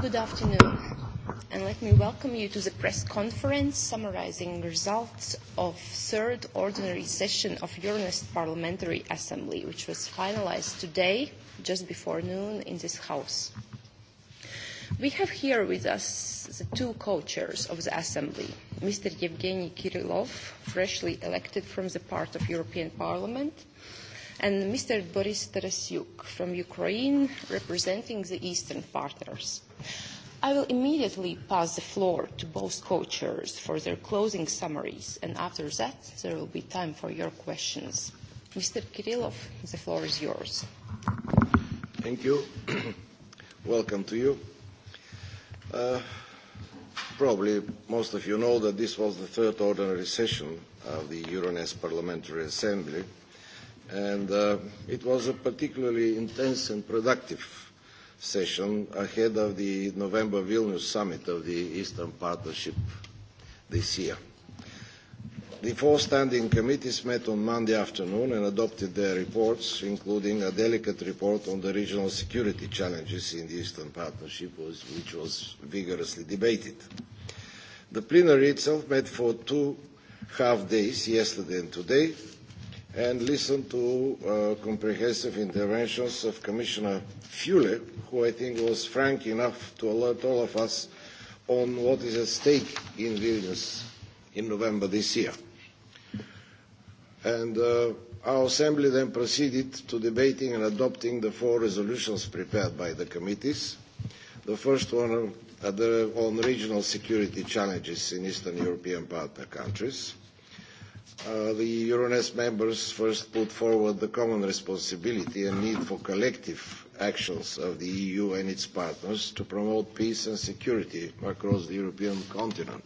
Good afternoon, and let me welcome you to the press conference summarizing results of third ordinary session of Euronext Parliamentary Assembly, which was finalized today, just before noon, in this house. We have here with us the two co-chairs of the assembly, Mr. Yevgeny Kirilov, freshly elected from the part of European Parliament, and Mr. Boris Tarasyuk from Ukraine representing the Eastern partners. I will immediately pass the floor to both co-chairs for their closing summaries, and after that, there will be time for your questions. Mr. Kirillov, the floor is yours. Thank you. Welcome to you. Uh, probably most of you know that this was the third ordinary session of the Euronest Parliamentary Assembly, uh, and uh, it was a particularly intense and productive session ahead of the November Vilnius summit of the Eastern Partnership this year. The four standing committees met on Monday afternoon and adopted their reports, including a delicate report on the regional security challenges in the Eastern Partnership, which was vigorously debated. The plenary itself met for two half days, yesterday and today, and listened to uh, comprehensive interventions of Commissioner Fule, who I think was frank enough to alert all of us on what is at stake in Vilnius in November this year. And uh, our Assembly then proceeded to debating and adopting the four resolutions prepared by the committees. The first one on regional security challenges in Eastern European partner countries. Uh, the Euronest members first put forward the common responsibility and need for collective actions of the EU and its partners to promote peace and security across the European continent.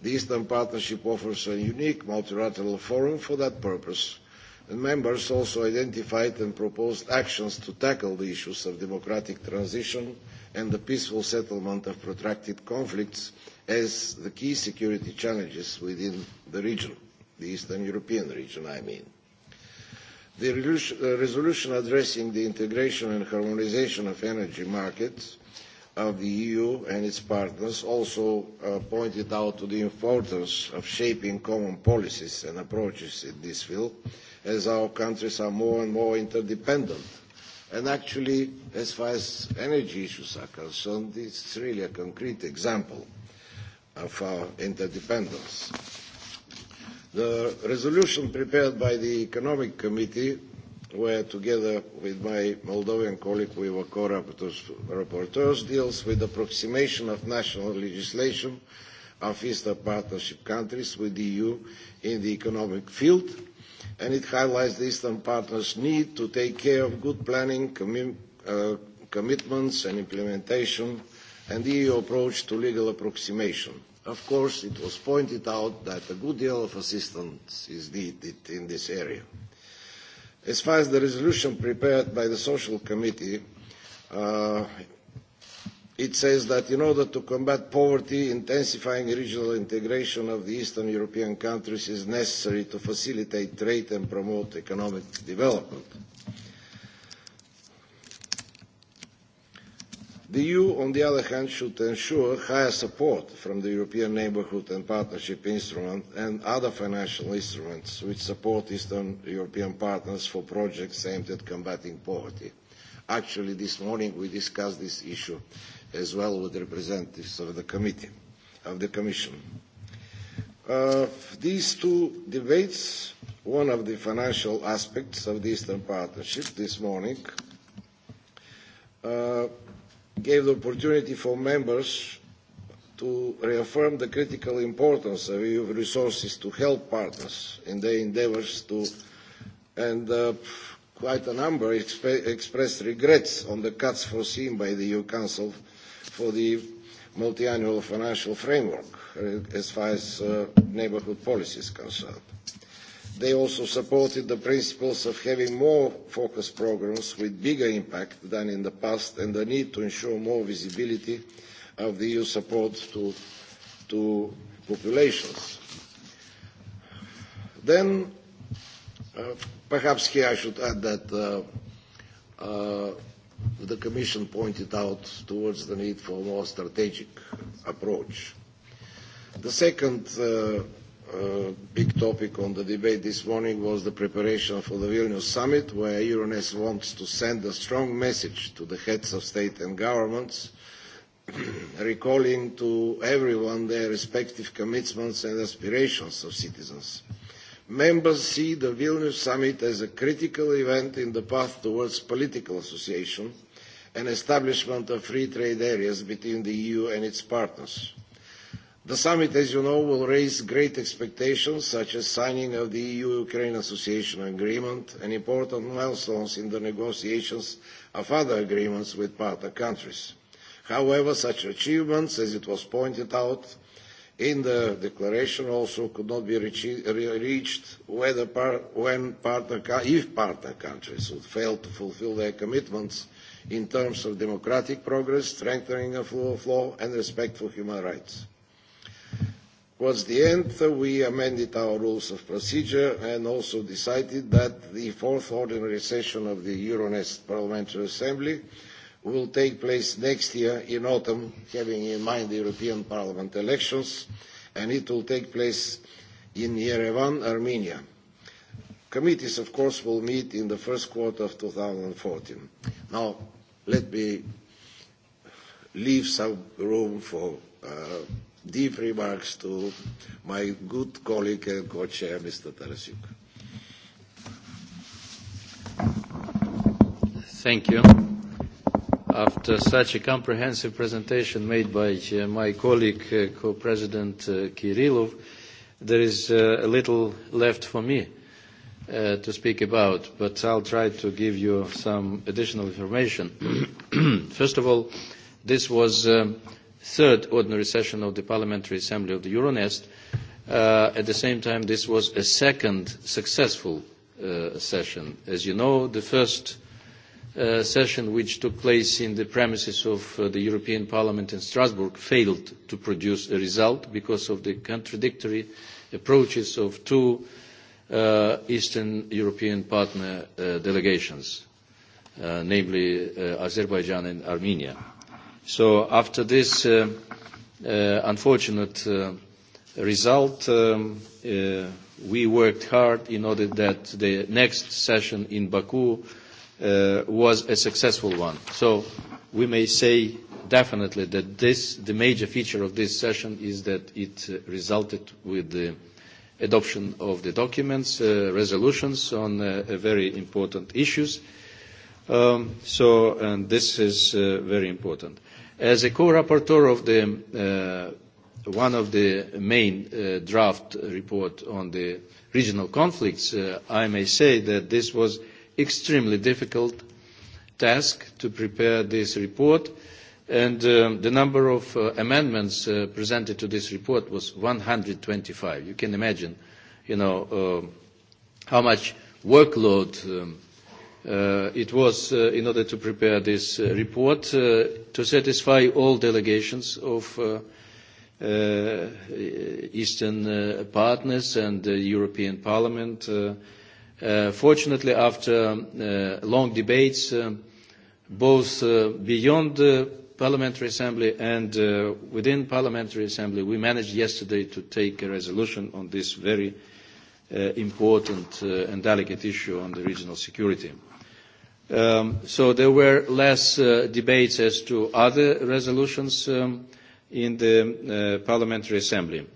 The Eastern Partnership offers a unique multilateral forum for that purpose, and members also identified and proposed actions to tackle the issues of democratic transition and the peaceful settlement of protracted conflicts as the key security challenges within the region the Eastern European region, I mean. The uh, resolution addressing the integration and harmonization of energy markets of the EU and its partners also uh, pointed out to the importance of shaping common policies and approaches in this field as our countries are more and more interdependent. And actually, as far as energy issues are concerned, it's really a concrete example of our interdependence. The resolution prepared by the Economic Committee, where together with my Moldovan colleague we were co-rapporteurs, rapporteurs, deals with approximation of national legislation of Eastern Partnership countries with the EU in the economic field, and it highlights the Eastern Partners' need to take care of good planning, commi- uh, commitments, and implementation and the EU approach to legal approximation. Of course, it was pointed out that a good deal of assistance is needed in this area. As far as the resolution prepared by the Social Committee, uh, it says that in order to combat poverty, intensifying regional integration of the Eastern European countries is necessary to facilitate trade and promote economic development. Uh, The EU, on the other hand, should ensure higher support from the European Neighbourhood and Partnership Instrument and other financial instruments which support Eastern European partners for projects aimed at combating poverty. Actually, this morning we discussed this issue as well with representatives of the committee, of the Commission. Uh, these two debates, one of the financial aspects of the Eastern Partnership this morning, uh, gave the opportunity for members to reaffirm the critical importance of EU resources to help partners in their endeavors to, and uh, quite a number exp expressed regrets on the cuts foreseen by the EU Council for the multi-annual financial framework uh, as far as uh, neighborhood policy is concerned. They also supported the principles of having more focused programs with bigger impact than in the past and the need to ensure more visibility of the EU support to, to populations. Then, uh, perhaps here I should add that uh, uh, the Commission pointed out towards the need for a more strategic approach. The second uh, Uh, big topic on the debate this morning was the preparation for the Vilnius summit, where Euronext wants to send a strong message to the heads of state and governments, recalling to everyone their respective commitments and aspirations of citizens. Members see the Vilnius summit as a critical event in the path towards political association and establishment of free trade areas between the EU and its partners. The summit, as you know, will raise great expectations, such as signing of the EU-Ukraine Association Agreement and important milestones in the negotiations of other agreements with partner countries. However, such achievements, as it was pointed out in the declaration, also could not be reached whether par when partner if partner countries would fail to fulfill their commitments in terms of democratic progress, strengthening of rule of law and respect for human rights. Towards the end, we amended our rules of procedure and also decided that the fourth ordinary session of the Euronest Parliamentary Assembly will take place next year in autumn, having in mind the European Parliament elections, and it will take place in Yerevan, Armenia. Committees, of course, will meet in the first quarter of 2014. Now, let me leave some room for uh, deep remarks to my good colleague and co-chair, Mr. Tarasyuk. Thank you. After such a comprehensive presentation made by uh, my colleague, uh, co-president uh, Kirillov, there is uh, a little left for me uh, to speak about, but I'll try to give you some additional information. First of all, this was uh, third ordinary session of the Parliamentary Assembly of the Euronest. Uh, at the same time, this was a second successful uh, session. As you know, the first uh, session, which took place in the premises of uh, the European Parliament in Strasbourg, failed to produce a result because of the contradictory approaches of two uh, Eastern European partner uh, delegations, uh, namely uh, Azerbaijan and Armenia. Wow. So after this uh, uh, unfortunate uh, result, um, we worked hard in order that the next session in Baku was a successful one. So we may say definitely that this, the major feature of this session is that it resulted with the adoption of the documents, resolutions on very important issues. Um, so, and this is uh, very important. As a co-rapporteur of the, uh, one of the main uh, draft report on the regional conflicts, uh, I may say that this was extremely difficult task to prepare this report, and um, the number of uh, amendments uh, presented to this report was 125. You can imagine, you know, uh, how much workload um, Uh, it was uh, in order to prepare this uh, report uh, to satisfy all delegations of uh, uh, Eastern uh, partners and the European Parliament. Uh, uh, fortunately, after um, uh, long debates, uh, both uh, beyond the Parliamentary Assembly and uh, within Parliamentary Assembly, we managed yesterday to take a resolution on this very uh, important uh, and delicate issue on the regional security. Um, so there were less uh, debates as to other resolutions um, in the uh, Parliamentary Assembly.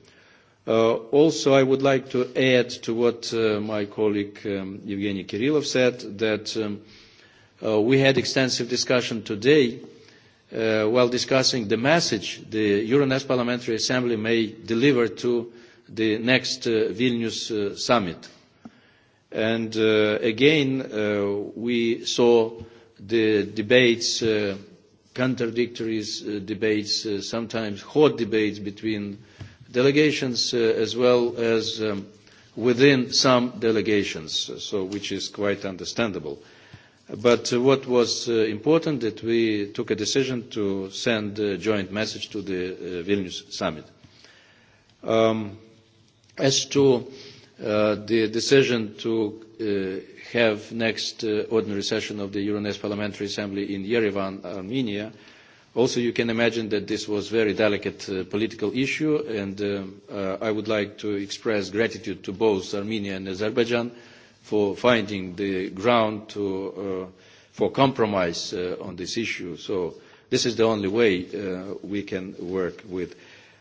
Uh, also, I would like to add to what uh, my colleague um, Evgeny Kirillov said that um, uh, we had extensive discussion today uh, while discussing the message the Euronest Parliamentary Assembly may deliver to the next uh, Vilnius uh, summit. And uh, again, uh, we saw the debates, uh, contradictory uh, debates, uh, sometimes hot debates between delegations uh, as well as um, within some delegations, uh, so which is quite understandable. But uh, what was uh, important that we took a decision to send a joint message to the uh, Vilnius summit. Um, as to uh, Uh, the decision to uh, have next uh, ordinary session of the Euronest Parliamentary Assembly in Yerevan, Armenia. Also, you can imagine that this was a very delicate uh, political issue, and uh, uh, I would like to express gratitude to both Armenia and Azerbaijan for finding the ground to, uh, for compromise uh, on this issue. So this is the only way uh, we can work with.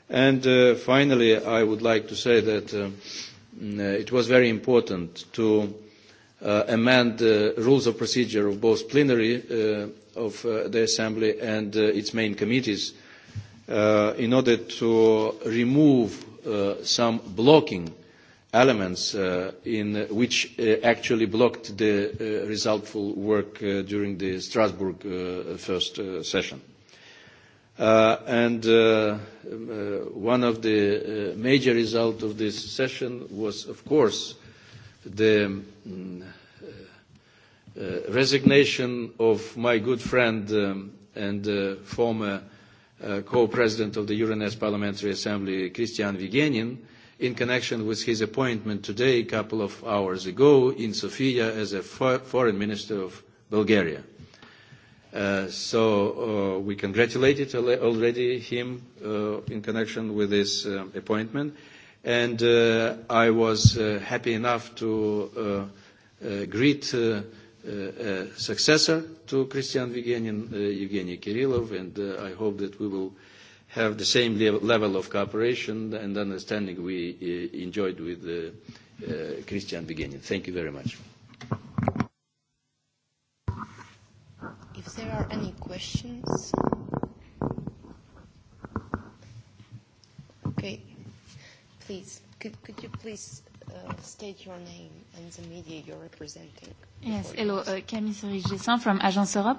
And uh, finally, I would like to say that uh, uh, it was very important to uh, amend the rules of procedure of both plenary uh, of uh, the Assembly and uh, its main committees uh, in order to remove uh, some blocking elements uh, in which uh, actually blocked the uh, resultful work uh, during the Strasbourg uh, first uh, session. Uh, and uh, uh, one of the uh, major results of this session was, of course, the um, uh, resignation of my good friend um, and uh, former uh, co-president of the Euronest Parliamentary Assembly, Christian Vigenin, in connection with his appointment today, a couple of hours ago, in Sofia as a fo foreign minister of Bulgaria. Uh, so uh, we congratulated already him uh, in connection with this appointment. And I was happy enough to greet a successor to Christian Vigenin, Evgeny Kirillov, and I hope that we will have the same level of cooperation and understanding we enjoyed with Christian Vigenin. Thank you very much. If there are any questions. Okay, please. Could you please uh, state your name and the media you're representing? Yes. Hello, uh, Camille Cerisier from Agence Europe.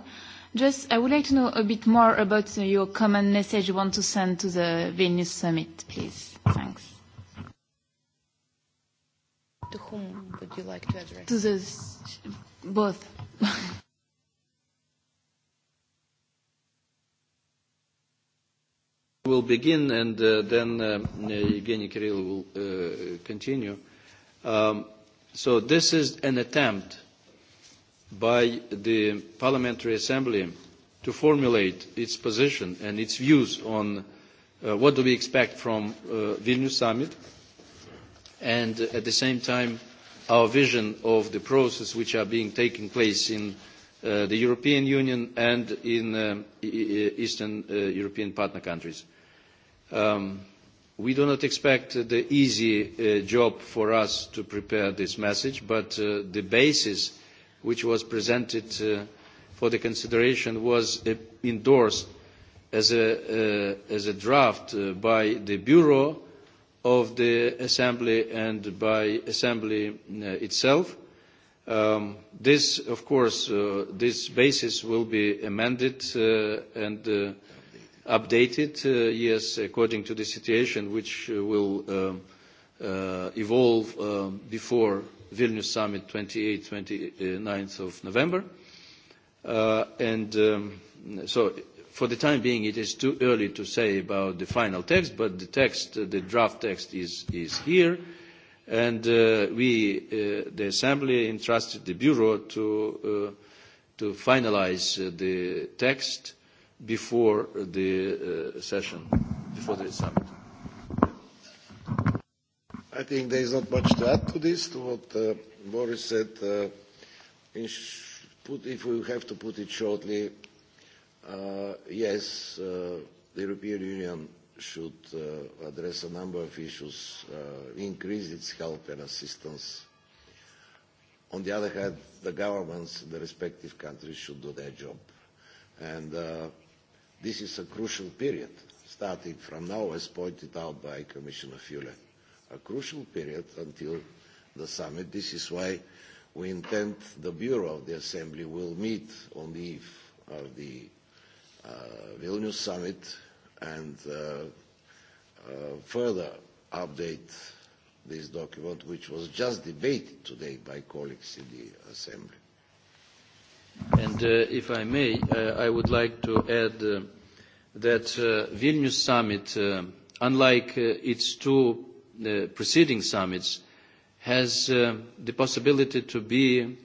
Just, I would like to know a bit more about uh, your common message you want to send to the Vilnius Summit, please. Thanks. To whom would you like to address? To both. will begin and uh, then uh, Evgeny Kirill will uh, continue. Um, so this is an attempt by the Parliamentary Assembly to formulate its position and its views on uh, what do we expect from uh, Vilnius summit and uh, at the same time our vision of the process which are being taking place in uh, the European Union and in uh, e-, e-, Eastern uh, European partner countries. Uh, um, we do not expect the easy uh, job for us to prepare this message, but uh, the basis which was presented uh, for the consideration was uh, endorsed as a, uh, as a draft uh, by the Bureau of the Assembly and by Assembly uh, itself. Um, this, of course, uh, this basis will be amended uh, and uh, updated, uh, yes, according to the situation, which uh, will um, uh, evolve um, before Vilnius Summit, 28th, 29th of November. Um, for the time being, it is too early to say about the final text, but the text, the draft text is here. The assembly entrusted the bureau to finalize the text before the uh, session, before the summit. I think there is not much to add to this, to what uh, Boris said. Uh, in sh- put, if we have to put it shortly, uh, yes, uh, the European Union should uh, address a number of issues, uh, increase its help and assistance. On the other hand, the governments in the respective countries should do their job. And uh, this is a crucial period, starting from now, as pointed out by Commissioner Fule, a crucial period until the summit. This is why we intend the Bureau of the Assembly will meet on the eve of the uh, Vilnius summit and uh, uh, further update this document, which was just debated today by colleagues in the Assembly. Uh, if I may, uh, I would like to add uh, that Vilnius Summit, unlike its two preceding summits, has the possibility to be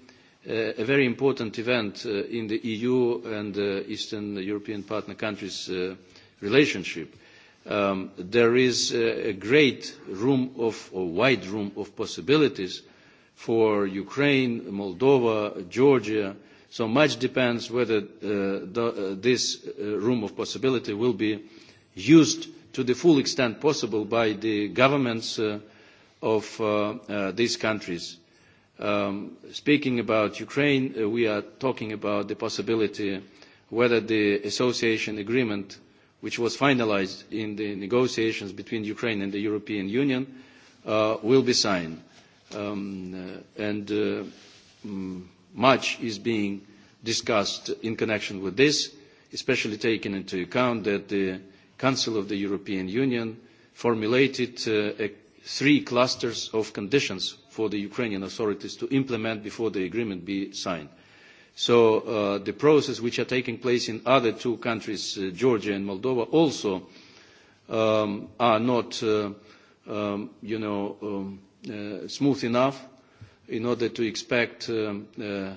a very important event in the EU and Eastern European partner countries' relationship. Um, there is a great room of, or wide room of possibilities for Ukraine, Moldova, Georgia, So much depends whether uh, the, uh, this uh, room of possibility will be used to the full extent possible by the governments uh, of uh, uh, these countries. Um, speaking about Ukraine, uh, we are talking about the possibility whether the association agreement, which was finalized in the negotiations between Ukraine and the European Union, uh, will be signed. Um, uh, and uh, um, much is being discussed in connection with this, especially taking into account that the Council of the European Union formulated uh, a, three clusters of conditions for the Ukrainian authorities to implement before the agreement be signed. So uh, the process which are taking place in other two countries, uh, Georgia and Moldova, also um, are not uh, um, you know, um, uh, smooth enough in order to expect um, uh, uh,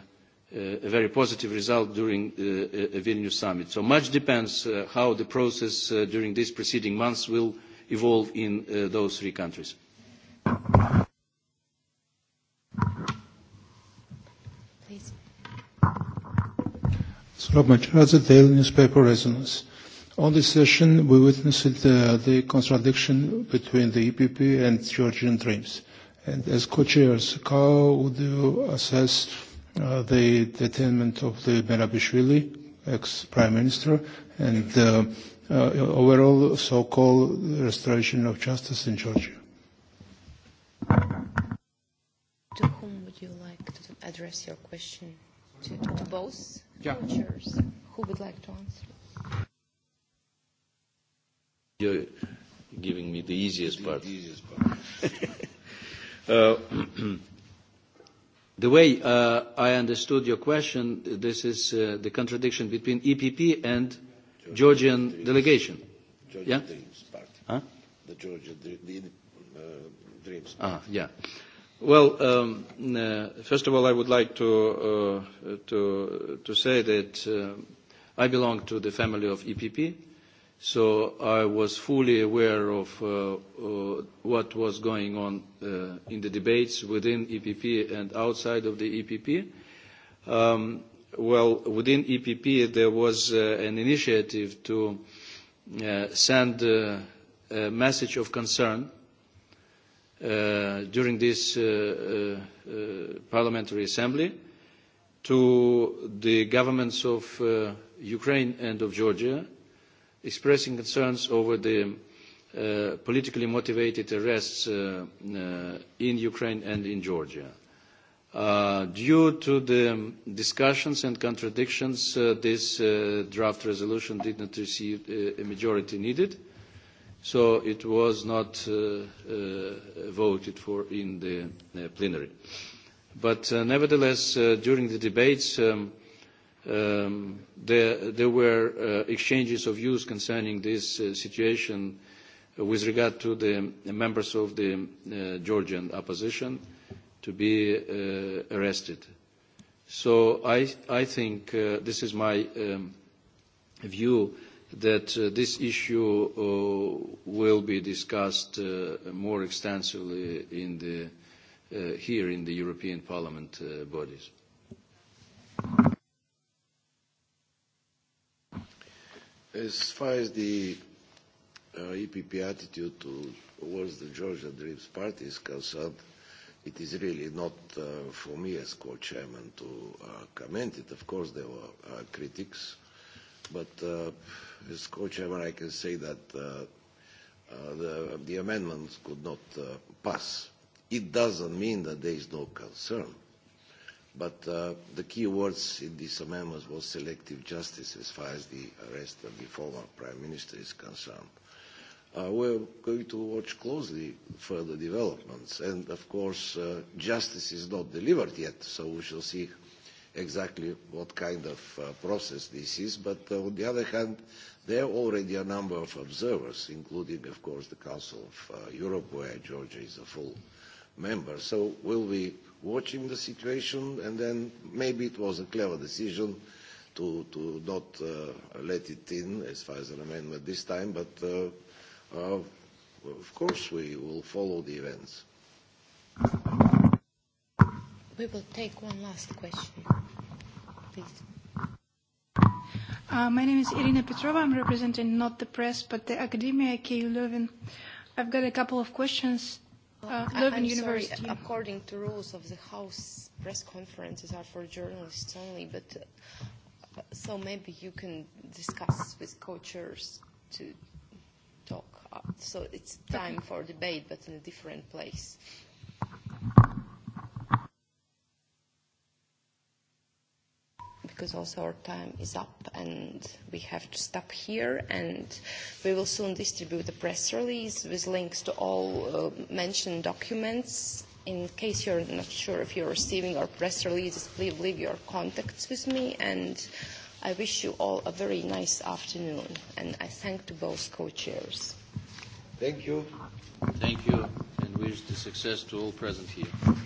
a very positive result during uh, a Vilnius summit. So much depends uh, how the process uh, during these preceding months will evolve in uh, those three countries. Please. Rob Macherazza, Daily Newspaper Resonance. On this session, we witnessed uh, the contradiction between the EPP and Georgian dreams. Uh, As co-chairs, how would you assess uh, the detainment of the Merabishvili, ex-prime minister, and uh, uh, overall so-called restoration of justice in Georgia? To whom would you like to address your question? To, to, to both yeah. co-chairs? Who would like to answer? You're giving me the easiest the, part. The easiest part. Uh, the way uh, I understood your question, this is uh, the contradiction between EPP and Georgian, Georgian Dreams. delegation. Georgian yeah? Dreams Party. Huh? The Georgian the, the, uh, Dreams ah, Party. Ah, yeah. Well, um, uh, first of all, I would like to, uh, to, to say that uh, I belong to the family of EPP. Uh, I was fully aware of uh, uh, what was going on uh, in the debates within EPP and outside of the EPP. Um, well, within EPP, there was an initiative to send a message of concern during this parliamentary assembly to the governments of Ukraine and of Georgia, expressing concerns over the uh, politically motivated arrests uh, uh, in Ukraine and in Georgia. Uh, due to the discussions and contradictions, uh, this uh, draft resolution did not receive uh, a majority needed, so it was not uh, uh, voted for in the uh, plenary. But uh, nevertheless, uh, during the debates, um, um, there, there were uh, exchanges of views concerning this uh, situation with regard to the members of the uh, Georgian opposition to be uh, arrested. So I, I think uh, this is my um, view that uh, this issue uh, will be discussed uh, more extensively in the, uh, here in the European Parliament uh, bodies. Thank you. as far as the uh, EPP attitude to, towards the Georgia Dreams Party is concerned, it is really not uh, for me as co-chairman to uh, comment it. Of course, there were uh, critics, but uh, as co-chairman, I can say that uh, uh, the, the amendments could not uh, pass. It doesn't mean that there is no concern. But uh, the key words in these amendments was selective justice as far as the arrest of the former prime minister is concerned. Uh, we're going to watch closely further developments. And of course, uh, justice is not delivered yet, so we shall see exactly what kind of uh, process this is. But uh, on the other hand, there are already a number of observers, including, of course, the Council of uh, Europe, where Georgia is a full uh, member. So we'll be watching the situation, and then maybe it was a clever decision to, to not uh, let it in as far as an amendment this time, but uh, uh, of course we will follow the events. We will take one last question. Please. Uh, my name is Irina Petrova. I'm representing not the press, but the academia, KU Leuven. I've got a couple of questions uh, Leuven I'm University. Sorry, according to rules of the House, press conferences are for journalists only, but uh, so maybe you can discuss with co chairs to talk. Uh, so it's time okay. for debate, but in a different place. Uh, because also our time is up and we have to stop here. And we will soon distribute a press release with links to all uh, mentioned documents. In case you're not sure if you're receiving our press releases, please leave your contacts with me. And I wish you all a very nice afternoon. And I thank to both co-chairs. Thank you. Thank you. And wish the success to all present here.